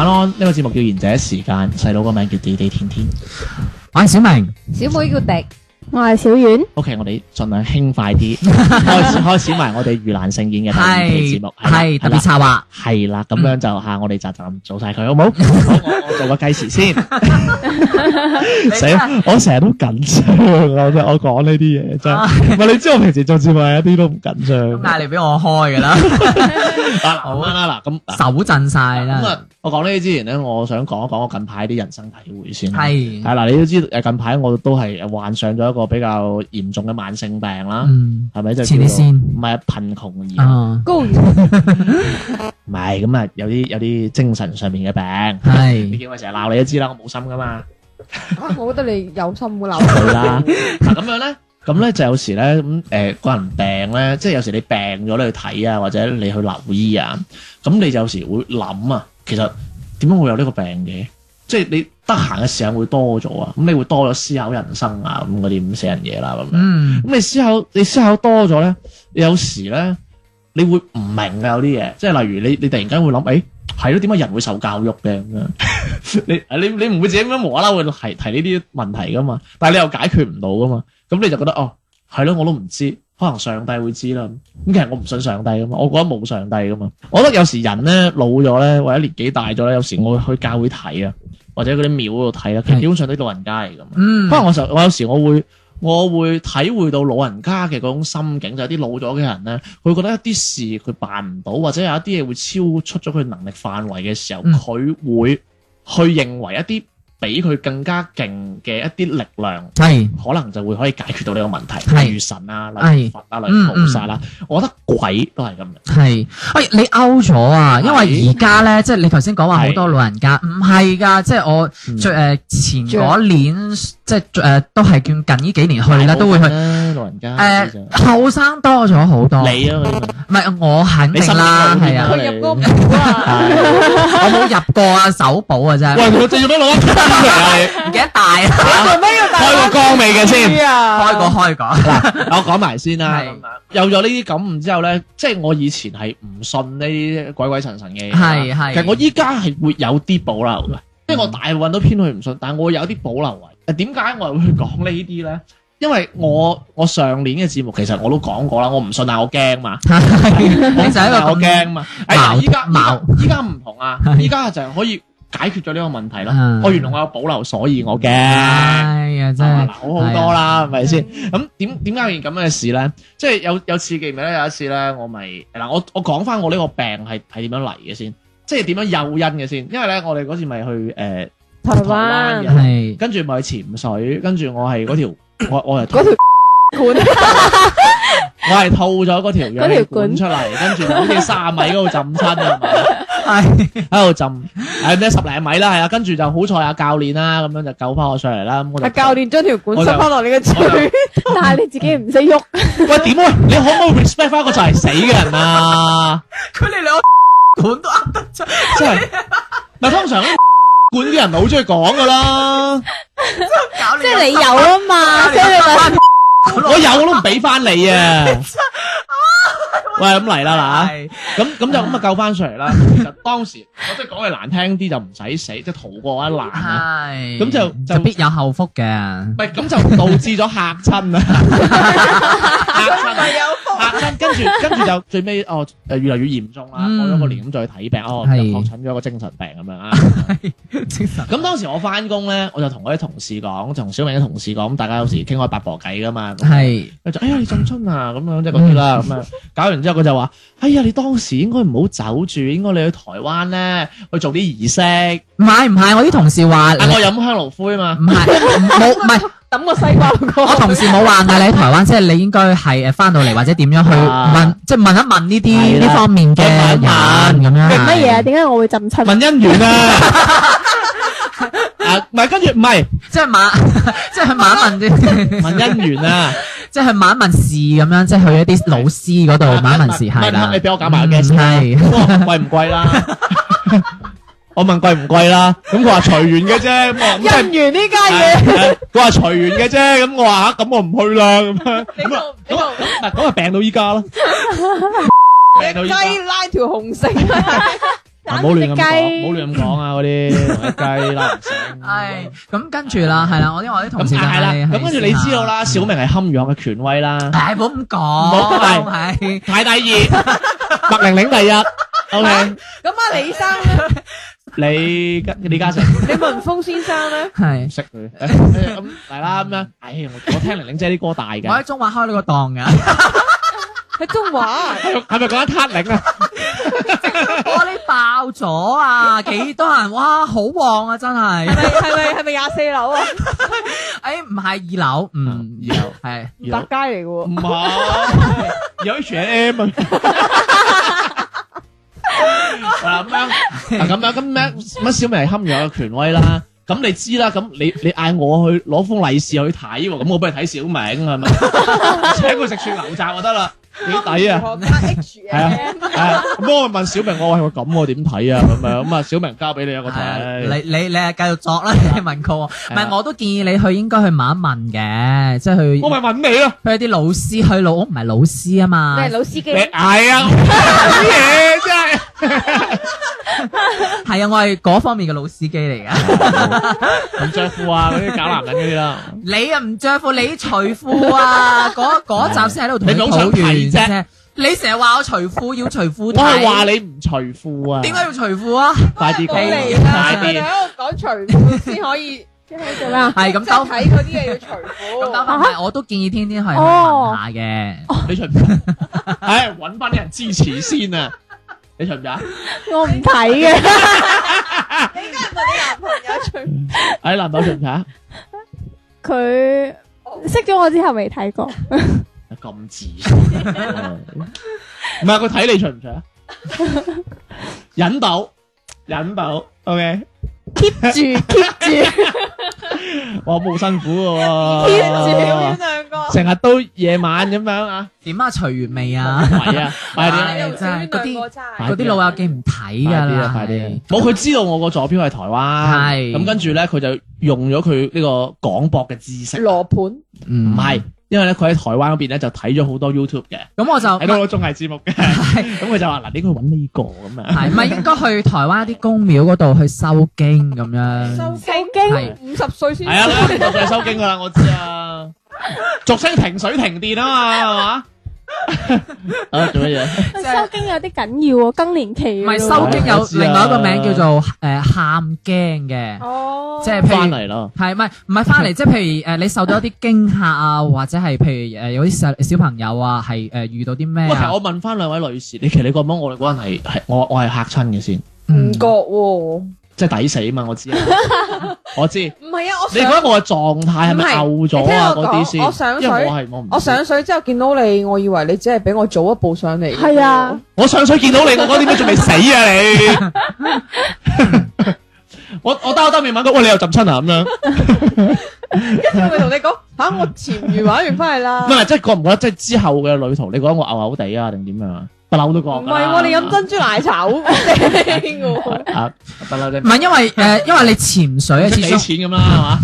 晚安！呢個節目叫《賢者時間》，細佬個名叫地地天天，阿小明，小妹叫迪。我係小婉。O K，我哋盡量輕快啲，開始開始埋我哋盂蘭盛會嘅特別節目，係特別策劃。係啦，咁樣就吓我哋就就做晒佢好冇？做個計時先。死，我成日都緊張，我我講呢啲嘢真係。唔係，你知我平時做節目一啲都唔緊張。但係你俾我開噶啦。好啦嗱，咁手震晒啦。我講呢啲之前咧，我想講一講我近排啲人生體會先。係係啦，你都知誒，近排我都係患上咗。一個比較嚴重嘅慢性病啦，係咪、嗯、就係癡線，唔係貧窮而，高原唔係咁啊， 有啲有啲精神上面嘅病，係是 你見我成日鬧你都知 啦，我冇心噶嘛，我覺得你有心會鬧佢啦，咁樣咧，咁咧就有時咧咁誒個人病咧，即係有時你病咗你去睇啊，或者你去留醫啊，咁你就有時會諗啊，其實點解會有呢個病嘅？即係你得閒嘅時間會多咗啊，咁你會多咗思考人生啊，咁嗰啲咁死人嘢啦咁樣。咁、嗯、你思考你思考多咗咧，你有時咧，你會唔明㗎有啲嘢，即係例如你你突然間會諗，誒係咯，點解人會受教育嘅？ 你你你唔會自己咁無啦啦會提提呢啲問題噶嘛？但係你又解決唔到噶嘛？咁你就覺得哦係咯，我都唔知，可能上帝會知啦。咁其實我唔信上帝噶嘛，我覺得冇上帝噶嘛。我覺得有時人咧老咗咧，或者年紀大咗咧，有時我會去教會睇啊。或者嗰啲廟度睇啦，其實基本上啲老人家嚟㗎嘛。不過我就我有時我會我會體會到老人家嘅嗰種心境，就係啲老咗嘅人咧，佢覺得一啲事佢辦唔到，或者有一啲嘢會超出咗佢能力範圍嘅時候，佢會去認為一啲。俾佢更加勁嘅一啲力量，係可能就會可以解決到呢個問題。例如神啊，嚟佛啊，嚟菩薩啦，我覺得鬼都係咁樣。係，喂，你勾咗啊？因為而家咧，即係你頭先講話好多老人家唔係㗎，即係我最誒前嗰年，即係誒都係叫近呢幾年去啦，都會去。誒，後生多咗好多，你啊，唔係我肯定啦，係啊，我冇入過啊，首保啊真係，喂，我仲要乜攞得翻嚟啊？唔記得帶啊？做咩要帶？開過光未嘅先？開過開過，嗱，我講埋先啦。係咁樣，有咗呢啲感悟之後咧，即係我以前係唔信呢啲鬼鬼神神嘅嘢，係係。其實我依家係會有啲保留嘅，即係我大部分都偏去唔信，但我有啲保留位。誒，點解我係會講呢啲咧？因為我我上年嘅節目其實我都講過啦，我唔信但係我驚嘛，就係因為我驚 嘛。依家依家唔同啦，啊，依家的就係可以解決咗呢個問題啦。啊、我原來我有保留，所以我驚。哎呀真係嗱，好好多啦，係咪先？咁點點解有件咁嘅事咧？即係有有刺激咪咧？有一次咧，我咪嗱我我講翻我呢個病係係點樣嚟嘅先？即係點樣誘因嘅先？因為咧，我哋嗰次咪去誒、呃、台灣，係跟住咪去潛水，跟住我係嗰條。我我係條管，我係套咗嗰條氧氣管出嚟，跟住好似三米嗰度浸親啊，係喺度浸，係咩十零米啦，係啊，跟住就好彩阿教練啦，咁樣就救翻我上嚟啦，我就教練將條管塞翻落你嘅嘴，但係你自己唔識喐。喂，點啊？你可唔可以 respect 翻個就係死嘅人啊？佢哋兩個管都得真係。你做乜管啲人唔好中意講噶啦，即係你有啊嘛，即係你話我有我都唔俾翻你啊。喂，咁嚟啦嗱，咁咁就咁啊救翻出嚟啦。其實當時我真係講句難聽啲就唔使死，即係逃過一難啊。咁就就必有後福嘅。喂，咁就導致咗吓親啊。 啊、跟住跟住就最尾哦，誒越嚟越嚴重啦，過咗個年咁再去睇病，哦，是哦就確診咗個精神病咁樣啊。 精神、啊。咁、嗯、當時我翻工咧，我就同我啲同事講，就同小明啲同事講，咁大家有時傾開八婆偈噶嘛。係。就是：哎呀，你浸春啊？咁樣即係嗰啲啦。咁樣、嗯、搞完之後，佢就話：哎呀，你當時應該唔好走住，應該你去台灣咧去做啲儀式。唔係唔係，我啲同事話，我飲香爐灰啊嘛。唔係是，冇唔係。等個細包我同事冇話，但你喺台灣，即係你應該係誒翻到嚟或者點樣去問，即係問一問呢啲呢方面嘅人咁樣。問乜嘢啊？點解我會浸親？問姻緣啊！啊，唔係跟住唔係，即係馬，即係馬問啲問姻緣啊，即係馬問事咁樣，即係去一啲老師嗰度馬一問事係啦。你俾我夾埋嘅係貴唔貴啦？我問貴唔貴啦，咁佢話隨緣嘅啫，隨緣呢家嘢，佢話隨緣嘅啫，咁我話吓，咁我唔去啦，咁啊，咁啊，咁啊病到依家啦，病到依家雞拉條紅線，唔好亂咁講，唔好亂咁講啊，嗰啲雞拉線，係咁跟住啦，係啦，我啲我啲同事係啦，咁跟住你知道啦，小明係堪輿嘅權威啦，係唔好咁講，唔好係排第二，麥玲玲第一，OK，咁啊李生。你家李嘉誠，你文峰先生咧，係識佢咁嚟啦咁樣。嗯嗯、唉，我聽玲玲姐啲歌大嘅，我喺中華開呢個檔嘅，喺 中華係咪講一撻領啊？玻璃爆咗啊！幾多人哇？好旺啊！真係係咪係咪係咪廿四樓啊？誒、 哎，唔係二樓，嗯，二樓係百佳嚟嘅，唔係有 H&M 啊！咁、 啊、樣，咁樣，咁咩乜小明係堪輿嘅權威啦，咁你知啦，咁你你嗌我去攞封利是去睇，咁我不如睇小明係咪， 請佢食串牛雜就得啦。幾抵啊！係啊，咁我問小明，我係咪咁？我點睇啊？咁啊，小明交俾你啊，我睇。你你你係繼續作啦，你問過我，唔係我都建議你去，應該去問一問嘅，即係去。我咪問你咯。佢有啲老師，佢老屋唔係老師啊嘛。你係老司機。係啊，啲嘢真係。係 啊，我係嗰方面嘅老司機嚟噶，唔在乎啊嗰啲搞男人嗰啲啦。你啊，唔 在乎，你除褲 啊？嗰嗰集先喺度同你講好啫。你成日話我除褲要除褲，我係話你唔除褲啊？點解要除褲啊？快啲嚟，快啲喺度講除褲先可以先可以做咩啊？係咁收睇嗰啲嘢，要除褲。咁我都建議天天去行下嘅。你除褲，唉，搵翻啲人支持先啊！你信唔信？我唔睇嘅。你而家問啲男朋友信？誒，男朋友信唔信？佢識咗我之後未睇過。咁自信。唔係佢睇你信唔信啊？引導，引導，OK。keep 住 keep 住，我好辛苦嘅喎，成日都夜晚咁樣啊，點啊隨緣未啊，啊！嗰啲嗰啲老友記唔睇噶啊，快啲冇。佢知道我個坐標係台灣，係咁跟住咧，佢就用咗佢呢個廣博嘅知識羅盤，唔係。因為咧佢喺台灣嗰邊咧就睇咗好多 YouTube 嘅。咁、嗯、我就睇到個綜藝節目嘅。咁佢就話，嗱，你應該揾呢個咁啊，係唔係應該去台灣啲公廟嗰度去收經咁樣？收經五十歲先係啊？五十歲收經㗎啦，我知啊，俗稱停水停電啊！係嘛！做乜嘢？收經有啲緊要喎，更年期、啊。唔係收驚有另外一個名叫做誒喊驚嘅。呃、哦，即係翻嚟咯。係唔係唔係翻嚟？即係譬如誒，你受到一啲驚嚇啊，或者係譬如誒、呃，有啲細小朋友啊，係誒、呃、遇到啲咩、啊？我問翻兩位女士，你其實你覺唔覺我嗰陣係係我我係吓親嘅先？唔、嗯、覺、哦，即係抵死啊嘛，我知。 我知，唔係啊！我你覺得我嘅狀態係咪嘔咗啊？嗰啲先，些我上水，因為我，我，我上水之後見到你，我以為你只係俾我早一步上嚟。係啊，我上水見到你，我講啲咩仲未死啊？你， 我我兜兜面問佢，喂、哎，你又浸親啊？咁樣，跟住佢同你講，吓我潛魚玩完翻嚟啦。唔係，即係覺唔覺得即係、就是、之後嘅旅途？你覺得我嘔嘔地啊，定點樣啊？不嬲都講，唔係我，你飲珍珠奶茶好正喎。啊，不嬲啫，唔係因為誒，因為你潛水，始終俾錢咁啦，係嘛？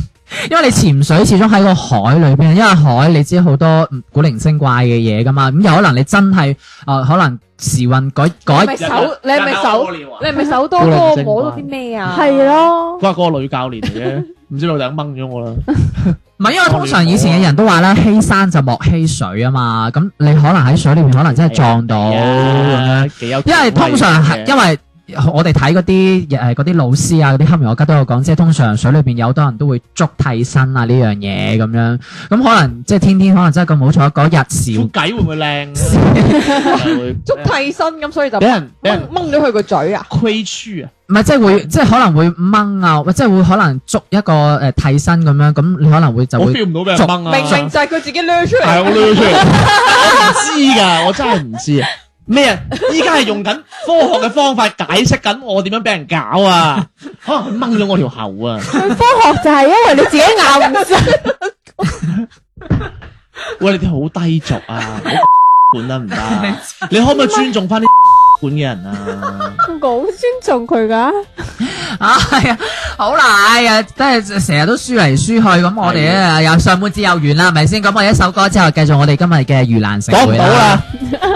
因為你潛水始終喺個海裏邊，因為海你知好多古靈精怪嘅嘢噶嘛。咁有可能你真係誒，可能時運改改。你係咪手？你係咪手？你係咪手多多攞咗啲咩啊？係咯。嗰個女教練嚟嘅，唔知老豆掹咗我啦。唔係，因為通常以前嘅人都話呢，欺山就莫欺水啊嘛。咁你可能喺水裏面，可能真係撞到。因為通常係的因為。我哋睇嗰啲誒啲老師啊，嗰啲黑人，我吉都有講，即係通常水裏邊有好多人都會捉替身啊呢樣嘢咁樣，咁可能即係天天可能真係咁好彩，嗰日少。副計會唔會靚？捉替身咁，所以就俾人俾人掹咗佢個嘴啊？黐啊！唔係即係會，即係可能會掹啊，即係會可能捉一個誒替身咁樣，咁你可能會就會捉。明明就係佢自己撩出嚟，係我撩出嚟，我唔知㗎，我真係唔知。咩啊？依家係用緊科學嘅方法解釋緊我點樣俾人搞啊！可能佢掹咗我條喉啊！科學就係因為你自己咬唔真。喂，你哋好低俗啊！管得唔得？ 你可唔可以尊重翻啲管嘅人啊？我好尊重佢噶、 哎。哎啊！好難呀，真係成日都輸嚟輸去。咁我哋咧，又的上半節又完啦，係、就、咪、是、先？咁我一首歌之後，繼續我哋今日嘅盂蘭盛會啦。講唔到啦。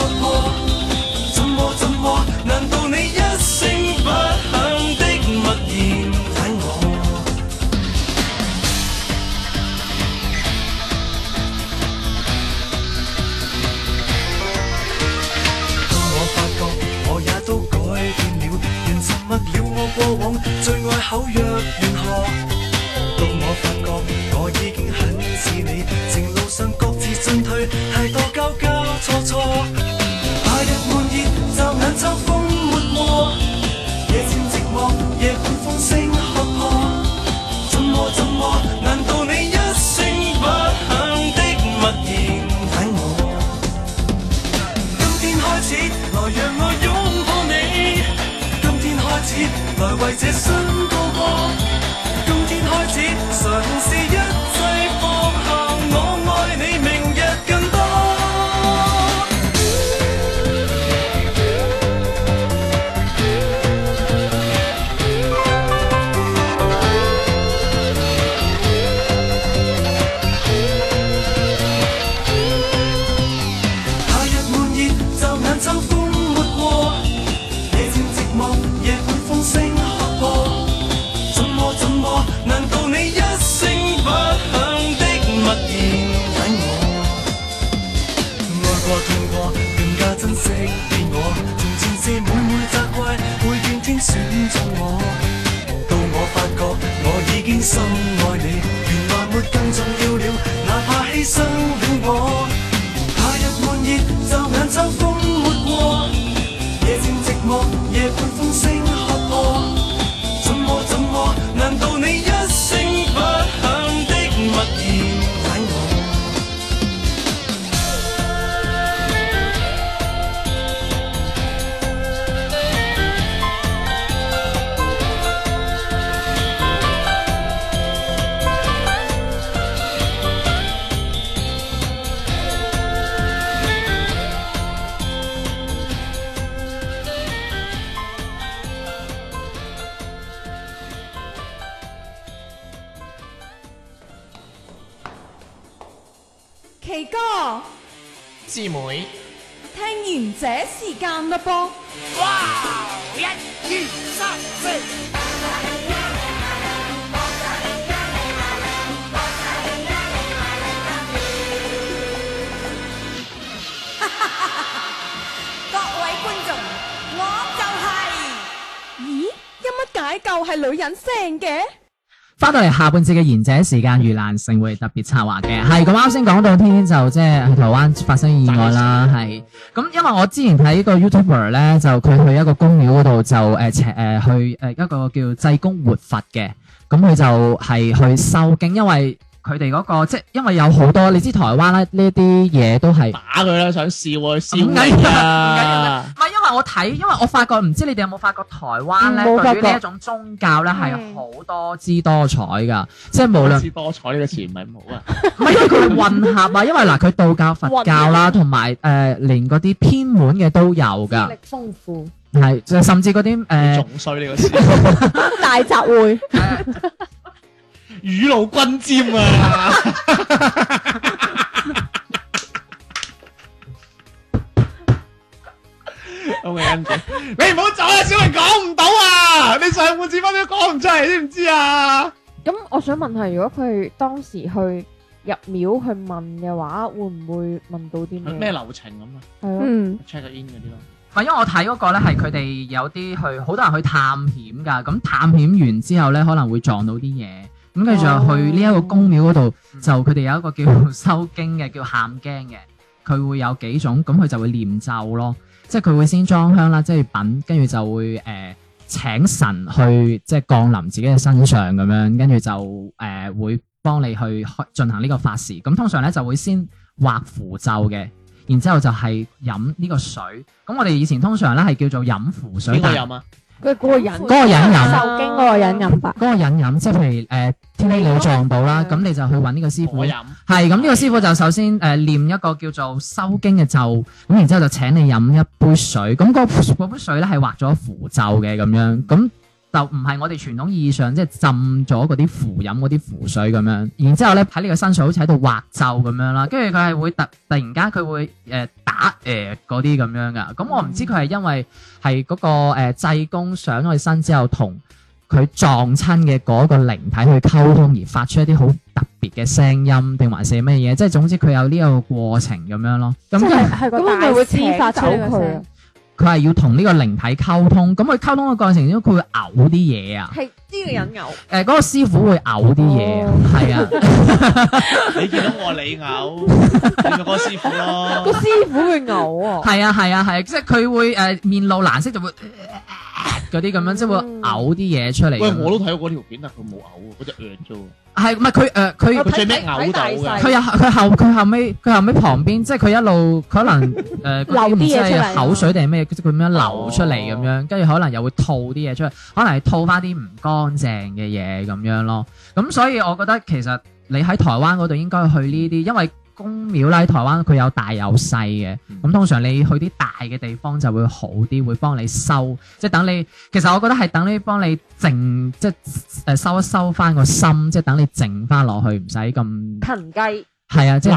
翻到嚟下半節嘅賢者時間盂蘭盛會特別策劃嘅。係咁啱先講到天天就即係台灣發生意外啦，係咁 因為我之前睇個 YouTuber 咧就佢去一個公廟嗰度就誒請、呃呃、去誒、呃、一個叫濟公活佛嘅，咁佢就係去收驚，因為，佢哋嗰個即係因為有好多，你知台灣咧呢啲嘢都係打佢啦，想笑啊，唔緊要啊，唔緊要啊，唔係因為我睇，因為我發覺唔知你哋有冇發覺台灣咧對於呢一種宗教咧係好多姿多彩㗎，的即係無論姿多，多彩呢個詞唔係唔好啊，唔係因為佢混合啊，因為嗱佢、啊、道教、佛教啦、啊，同埋誒連嗰啲偏門嘅都有㗎，經歷豐富係，就甚至嗰啲誒總衰呢個詞 大集會。 雨露均沾啊！我你唔好走啊！小明講唔到啊！你上半節分都講唔出嚟，知唔知啊？咁我想問下，如果佢當時去入廟去問嘅話，會唔會問到啲咩流程咁啊？係咯，嗯，check in 嗰啲咯。因為我睇嗰個咧係佢哋有啲去好多人去探險噶，咁探險完之後咧可能會撞到啲嘢。咁跟住、嗯、就去呢一個宮廟嗰度，就佢哋有一個叫修經嘅，叫喊驚嘅，佢會有幾種，咁佢就會念咒咯，即係佢會先裝香啦，即係品，跟住就會誒、呃、請神去，即係降臨自己嘅身上咁樣，跟住就誒、呃、會幫你去進行呢個法事。咁通常咧就會先畫符咒嘅，然之後就係飲呢個水。咁我哋以前通常咧係叫做飲符水。點解飲啊？佢嗰個隱嗰個隱飲，受驚嗰個隱飲法。嗰個隱飲，即係譬如、呃、天氣老撞到啦，咁 你就去揾呢個師傅飲。係咁喝，呢個師傅就首先念、呃、一個叫做收驚嘅咒，然之後就請你飲一杯水，咁、那個嗰杯、那個、水咧係畫咗符咒嘅咁樣，就唔係我哋傳統意義上，即係浸咗嗰啲符飲，飲嗰啲符水咁樣，然之後咧喺呢個身上好似喺度畫咒咁樣啦，跟住佢係會突突然間佢會誒、呃、打誒嗰啲咁樣噶，咁我唔知佢係因為係嗰、那個誒、呃、濟公上咗去身之後，同佢撞親嘅嗰個靈體去溝通而發出一啲好特別嘅聲音，定還是咩嘢？即係總之佢有呢個過程咁樣咯。咁佢係個大師 發出呢佢係要同呢個靈體溝通，咁佢溝通嘅過程之中，佢會嘔啲嘢啊。呢個人嘔，誒嗰個師傅會嘔啲嘢，係啊！你見到我係你嘔，見到嗰個師傅咯。個師傅會嘔啊！係啊，係啊，係，即係佢會誒面露藍色，就會嗰啲咁樣，即係會嘔啲嘢出嚟。喂，我都睇過嗰條片啊，佢冇嘔，佢就嘔咗。係唔係佢誒佢最尾嘔到嘅？佢又佢後佢後尾佢後尾旁邊，即係佢一路可能誒流啲嘢出嚟，唔知係口水定係咩？即係佢咁樣流出嚟咁樣，跟住可能又會吐啲嘢出嚟，可能係吐翻啲唔乾乾淨嘅嘢咁樣咯，咁所以我覺得其實你喺台灣嗰度應該去呢啲，因為公廟啦，喺台灣佢有大有細嘅，咁通常你去啲大嘅地方就會好啲，會幫你收，即係等你。其實我覺得係等你幫你靜，即係收一收翻個心，即係等你靜翻落去，唔使咁騰雞。係啊，即係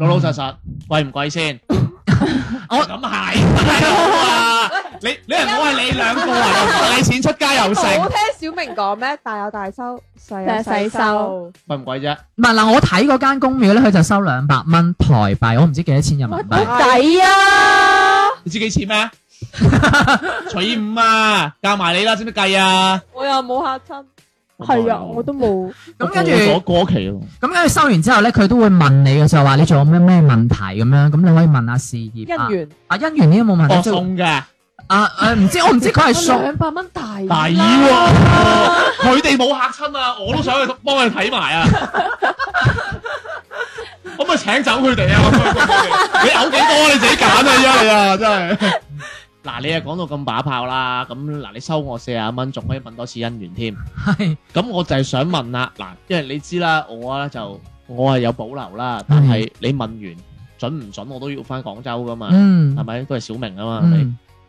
老老實實，貴唔貴先？我諗係。你你係我係你兩個大錢出街又剩，我聽小明講咩大有大收，細有細收，唔貴啫？唔係嗱，我睇嗰間公廟咧，佢就收兩百蚊台幣，我唔知幾多錢人民幣，抵啊！你知幾錢咩？取五啊，教埋你啦，知唔知計啊？我又冇嚇親，係啊，我都冇。咁跟住過期，咁跟住收完之後咧，佢都會問你嘅，就話你仲有咩咩問題咁樣？咁你可以問下事業、姻緣啊，姻緣呢都冇問題，即嘅。啊！唔知我唔知佢係上百蚊大底喎，佢哋冇吓親啊！我都想去幫佢睇埋啊！可唔可以請走佢哋啊？你有幾多你自己揀啊！依家你啊，真係嗱，你又講到咁把炮啦，咁嗱，你收我四啊蚊，仲可以問多次姻緣添。係咁，我就係想問啦，嗱，因為你知啦，我咧就我係有保留啦，但係你問完準唔準，我都要翻廣州噶嘛，係咪都係小明啊嘛？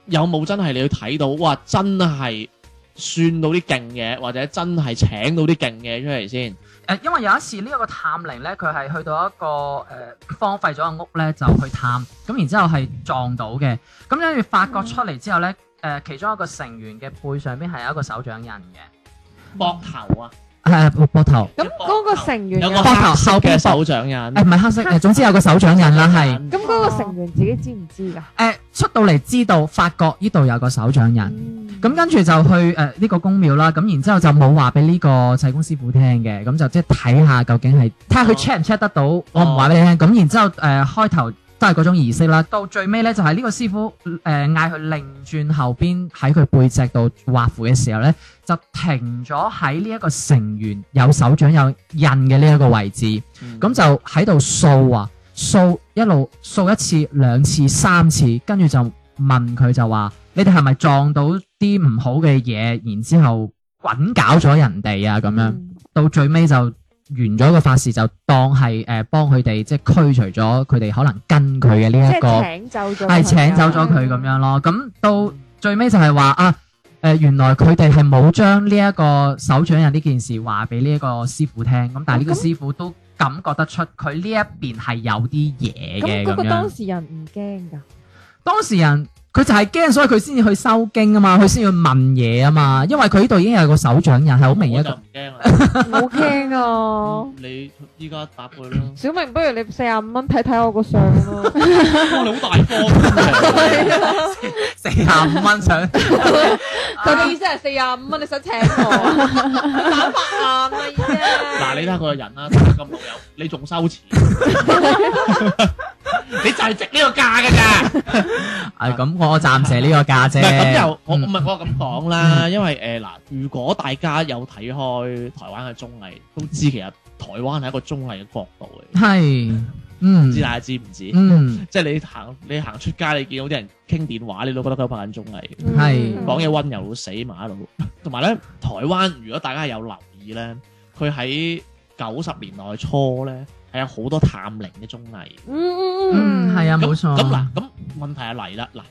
有冇真係你要睇到？哇！真係算到啲勁嘢，或者真係請到啲勁嘢出嚟先。誒，因為有一次呢一個探靈咧，佢係去到一個誒、呃、荒廢咗嘅屋咧，就去探，咁然之後係撞到嘅。咁跟住發覺出嚟之後咧，誒、嗯呃、其中一個成員嘅背上邊係有一個手掌印嘅膊頭啊！係啊，膊膊頭。咁嗰股股個成員有個膊頭手手掌印，誒唔係黑色，誒總之有個手掌印啦係。咁嗰是、嗯、個成員自己知唔知噶？誒、啊，出到嚟知道發覺呢度有個手掌印，咁、嗯嗯嗯、跟住就去誒呢、呃這個公廟啦，咁、啊、然之後就冇話俾呢個砌工師傅聽嘅，咁、嗯嗯、就即係睇下究竟係睇下佢 check 唔 check 得到我，我唔話俾你聽，咁、嗯嗯嗯、然之後誒開頭。呃都係嗰種儀式啦，到最尾呢，就係、是、呢個師傅誒嗌佢擰轉後邊喺佢背脊度畫符嘅時候呢，就停咗喺呢一個成員有手掌有印嘅呢一個位置，咁、嗯、就喺度掃啊掃，一路掃一次兩次三次，跟住就問佢就話：你哋係咪撞到啲唔好嘅嘢，然之後滾搞咗人哋啊？咁樣、嗯、到最尾就。完咗個法事就當係誒，幫佢哋即係驅除咗佢哋可能跟佢嘅呢一個係請走咗佢咁樣咯。咁到最尾就係話啊誒、呃、原來佢哋係冇將呢一個手掌印呢件事話俾呢一個師傅聽。咁但係呢個師傅都感覺得出佢呢一邊係有啲嘢嘅咁樣。咁、嗰個當事人唔驚噶？當事人。佢就係驚，所以佢先至去收驚啊嘛，佢先要問嘢啊嘛，因為佢呢度已經有個手掌人，係好、嗯、明，明顯就唔驚，冇驚 啊！嗯、你依家答佢啦。小明，不如你四十五蚊睇睇我個相咯、 哦。你好大方，四十五蚊相。佢嘅 意思係四十五蚊，你想請我？一 百白 啊，嗱，你睇下佢個人啦，咁老友，你仲收錢？你就係值呢個價噶咋？係咁，我暫時呢個價啫。咁又我唔係我咁講啦，因為誒嗱，如果大家有睇開台灣嘅綜藝，都知其實台灣係一個綜藝嘅國度嚟。係，唔知大家知唔知？嗯，即係你行，你行出街，你見到啲人傾電話，你都覺得佢拍緊綜藝。係，講嘢溫柔到死麻甩佬。同埋咧，台灣如果大家有留意咧，佢喺九十年代初咧。係有好多探靈嘅綜藝，嗯嗯嗯，係啊，冇錯。咁嗱，咁問題就嚟啦，嗱，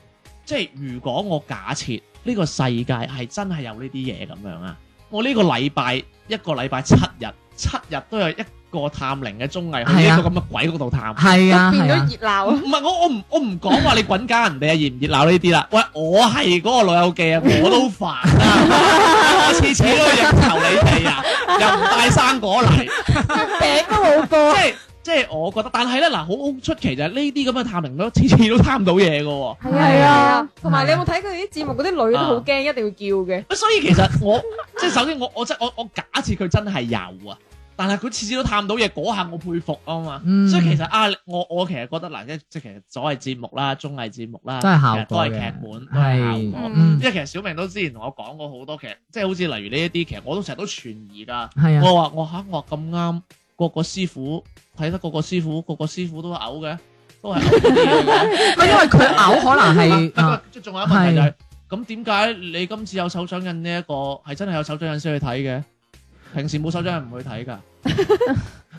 即係如果我假設呢個世界係真係有呢啲嘢咁樣啊，我呢個禮拜一個禮拜七日，七日都有一。個探靈嘅綜藝去呢個咁嘅鬼窟度探，變咗熱鬧。唔係我我唔我唔講話你滾家人哋啊熱唔熱鬧呢啲啦。喂，我係嗰個老友記啊，我都煩啊！我次次都求你哋啊，又唔帶生果嚟，餅都好多。即係即係，我覺得，但係咧嗱，好出奇就係呢啲咁嘅探靈都次次都探唔到嘢噶。係啊，同埋你有冇睇佢啲節目？嗰啲女都好驚，一定要叫嘅。所以其實我即係首先，我我即係我我假設佢真係有啊。但係佢次次都探到嘢，嗰下我佩服啊嘛，嗯、所以其實啊，我我其實覺得嗱，即係即係，其實所謂節目啦，綜藝節目啦，都係效，是效果，都係劇本，係因為其實小明都之前同我講過好多，其實即係好似例如呢一啲，其實我都成日都存疑噶。我話我吓，我咁啱個個師傅睇得，個個師傅，個師傅個師傅都嘔嘅，都係。唔係 因為佢嘔，可能係。係吧。仲有一問題就係，咁點解你今次有手掌印呢，這，一個係真係有手掌印先去睇嘅？平時冇手掌人唔會睇㗎，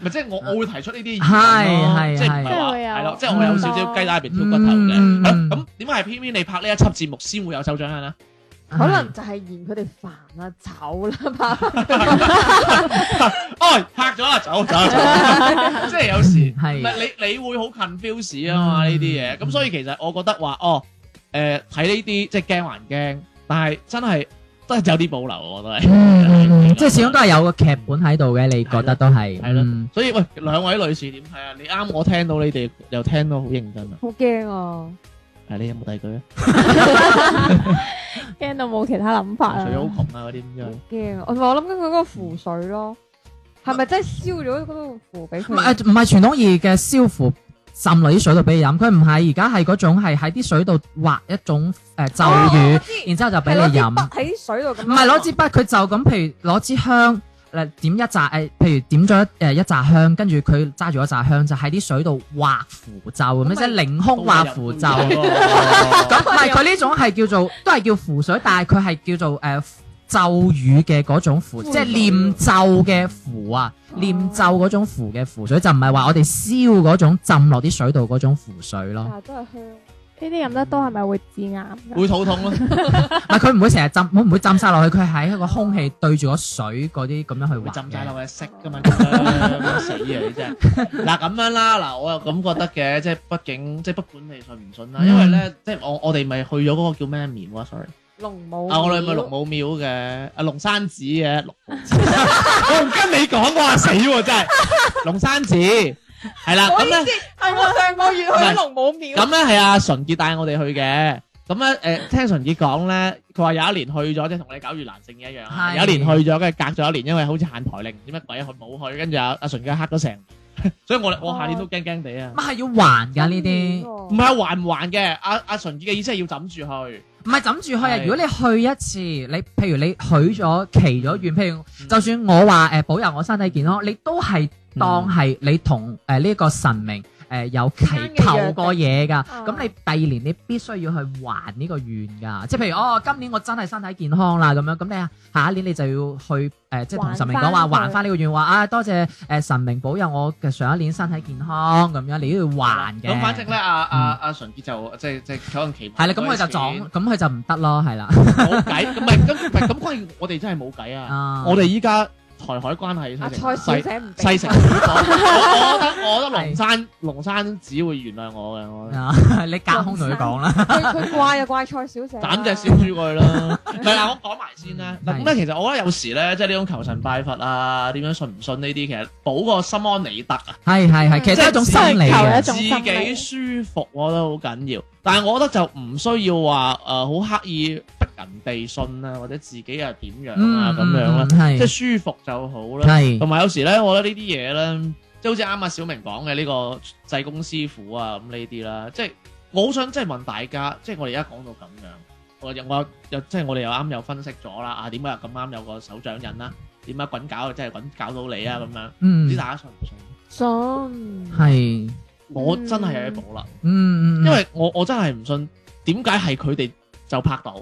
咪即係我，我會提出呢啲，係係，即係唔係話，係咯，即係我有少少雞蛋入面挑骨頭嘅。咁點解係偏偏你拍呢一輯節目先會有手掌人咧？可能就係嫌佢哋煩啦，走啦吧。哎，嚇咗啦，走走走，即係有時係咪你你會好近 feel 啊嘛？呢啲嘢咁，所以其實我覺得話哦，誒睇呢啲即係驚還驚，但係真係。都係有啲保留，我都係，即係始終都係有個劇本喺度嘅。你覺得都係，係咯。所以喂，兩位女士點睇啊？你啱，我聽到你哋又聽到好認真啊！好驚啊！係你有冇第二句咧？驚到冇其他諗法啦。除咗好窮啊嗰啲咁樣。驚，我我諗緊佢嗰個符水咯，係咪真係燒咗嗰個符俾佢？唔係傳統意義嘅燒符。浸落啲水度俾你飲，佢唔係而家係嗰種係喺啲水度畫一種誒咒語，哦、然之後就俾你飲。筆喺水度咁，唔係攞支筆，佢就咁，譬如攞支香誒點一紮誒，譬如點咗誒一紮香，跟住佢揸住一紮香就喺啲水度畫符咒咁，即係凌空畫符咒咯。咁唔係，佢呢種係叫做都係叫符水，但係佢係叫做誒。呃咒語嘅嗰種符，會即係念咒嘅符啊，嗯、念咒嗰種符嘅符水，哦、就唔係話我哋燒嗰種浸落啲水度嗰種符水咯。呢啲飲得多係咪會致癌？會肚痛咯。唔係佢唔會成日浸，唔會浸晒落去。佢喺一個空氣對住個水嗰啲咁樣去會浸。浸晒落去色噶嘛。哦 呃、死啊！你真係。嗱咁樣啦，嗱我又咁覺得嘅，即係畢竟即係不管你信唔信啦。因為咧、嗯，即係我我哋咪去咗嗰個叫咩面啊。sorry 龍母啊，我哋咪龍母廟嘅，阿龍山寺嘅，我唔跟你講，我話死真係龍山寺。係啦。咁咧係我上個月去龍母廟。咁咧係阿純潔帶我哋去嘅。咁咧誒，聽純潔講咧，佢話有一年去咗，即係同你搞盂蘭勝嘅一樣。有一年去咗，跟住隔咗一年，因為好似限台令，點乜鬼佢冇去，跟住阿阿純潔黑咗成，所以我我下年都驚驚地啊。咪係要還噶呢啲？唔係還唔還嘅？阿阿純潔嘅意思係要枕住去。唔係諗住去啊！的如果你去一次，你譬如你許咗、祈咗願，嗯、譬如就算我話誒、呃、保佑我身體健康，你都係當係你同誒呢、呃這個神明。誒，有祈求過嘢噶，咁你第二年你必須要去還呢個願噶，即係譬如哦，今年我真係身體健康啦，咁樣，咁你啊，下一年你就要去誒，即係同神明講話還翻呢個願，話啊多謝誒神明保佑我嘅上一年身體健康，咁樣你都要還嘅。咁反正咧，阿阿阿純杰就即係即係可能祈係啦，咁佢就撞，咁佢就唔得咯，係啦，冇計，咁咪咁咪咁，關鍵我哋真係冇計啊，我哋依家。台海關係，西城、蔡小姐唔俾。我覺得我覺得龍山龍山只會原諒我嘅，我你隔空同佢講啦。佢怪就怪蔡小姐。斬隻小豬過去咯。係啦，我講埋先啦。嗱咁咧，其實我覺得有時咧，即係呢種求神拜佛啊，點樣信唔信呢啲，其實補個心安理得啊。係係係，其實一種心理嘅，自己舒服，我覺得好緊要。但係我覺得就唔需要話誒好刻意。人地信啊，或者自己又點樣啊咁樣啦，即係舒服就好啦。係，同埋有時咧，我覺得呢啲嘢咧，即係好似啱阿小明講嘅呢個濟公師傅啊咁呢啲啦，即係我好想即係問大家，即係我哋而家講到咁樣，我有我有即係我哋又啱又分析咗啦，啊點解咁啱有個手掌印啦？點解滾搞即係滾搞到你啊咁樣？嗯，唔知大家信唔信？信係，我真係有啲保留啦。嗯，因為我我真係唔信，點解係佢哋就拍到？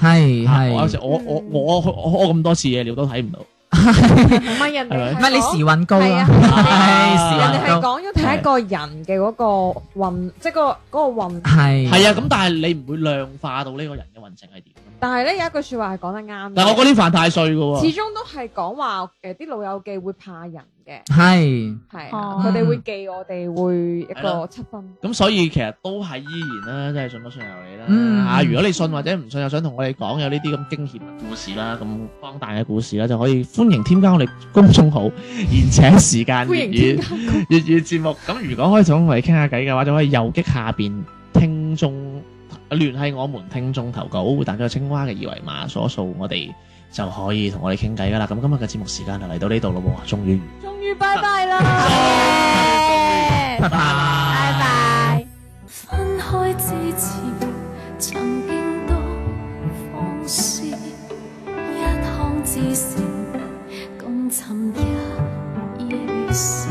係係，有時是、啊、我我我我咁多次嘢，你都睇唔到。唔係 人，唔係你時運高啊，啊！係、啊、人哋係講咗睇一個人嘅嗰個運，即係個嗰個運。係係啊，咁、啊啊、但係你唔會量化到呢個人嘅運程係點。但係咧有一句話說話係講得啱。但係我嗰啲犯太歲噶。始終都係講話誒，啲老友記會怕人。係係，佢哋會記我哋會一個七分。咁所以其實都係依然啦，即係信不信由你啦。嗯啊，如果你信或者唔信，又想同我哋講有呢啲咁驚險嘅故事啦，咁荒誕嘅故事啦，就可以歡迎添加我哋公眾號，賢者時間歡迎添加粵語節目。咁如果可以同我哋傾下偈嘅話，就可以右擊下邊聽眾聯繫我們聽眾投稿，打開青蛙嘅二維碼掃掃我哋。就可以同我哋傾偈㗎啦！咁今日嘅節目時間就嚟到呢度咯，冇啊，終於，終於拜拜啦，拜拜，拜拜分開之前，曾經多放肆，一趟共尋一夜事。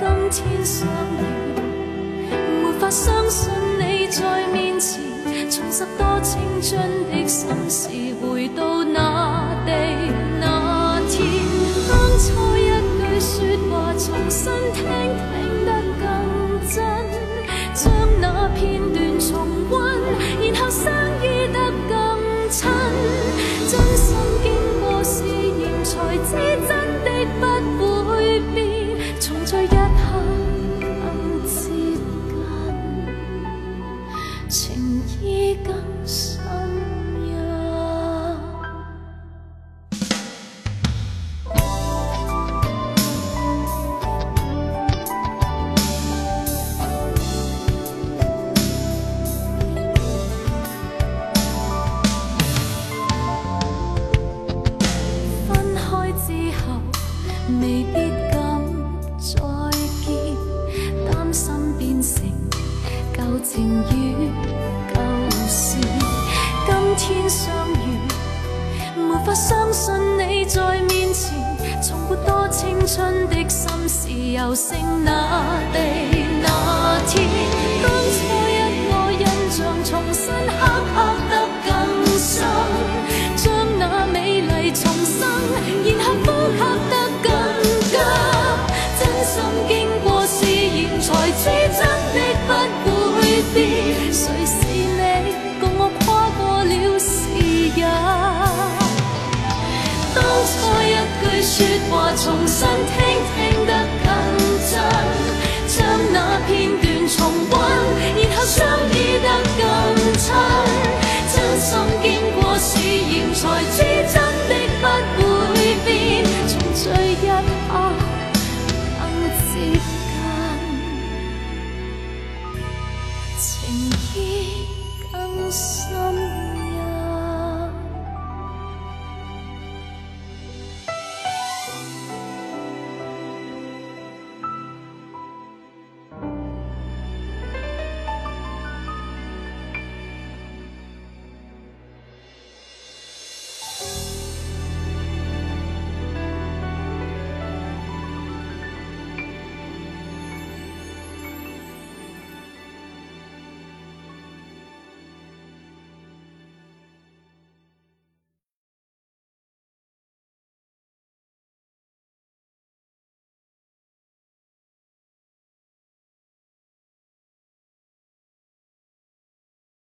今天相遇，沒法相信你在面前重拾多青春的心事。舊情與舊事，今天相遇，沒法相信你在面前。從沒多青春的心事，猶剩那地那天，當初一個印象，重新刻。說話重新聽，聽得更真，將那片段重溫，然後相依得更親。真心經過試驗才知。